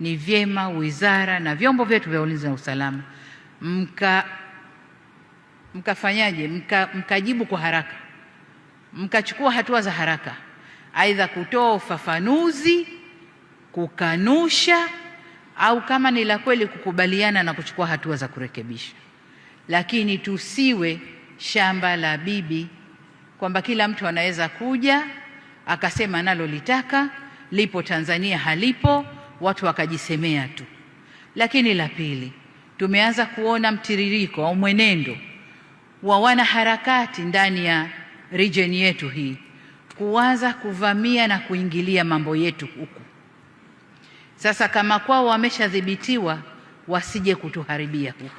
ni vyema wizara na vyombo vyetu vya ulinzi na usalama mka mkafanyaje mka, mkajibu kwa haraka, mkachukua hatua za haraka, aidha kutoa ufafanuzi, kukanusha, au kama ni la kweli kukubaliana na kuchukua hatua za kurekebisha. Lakini tusiwe shamba la bibi, kwamba kila mtu anaweza kuja akasema nalolitaka lipo Tanzania halipo watu wakajisemea tu. Lakini la pili, tumeanza kuona mtiririko au mwenendo wa wanaharakati ndani ya region yetu hii kuanza kuvamia na kuingilia mambo yetu huku. Sasa kama kwao wameshadhibitiwa, wasije kutuharibia huku.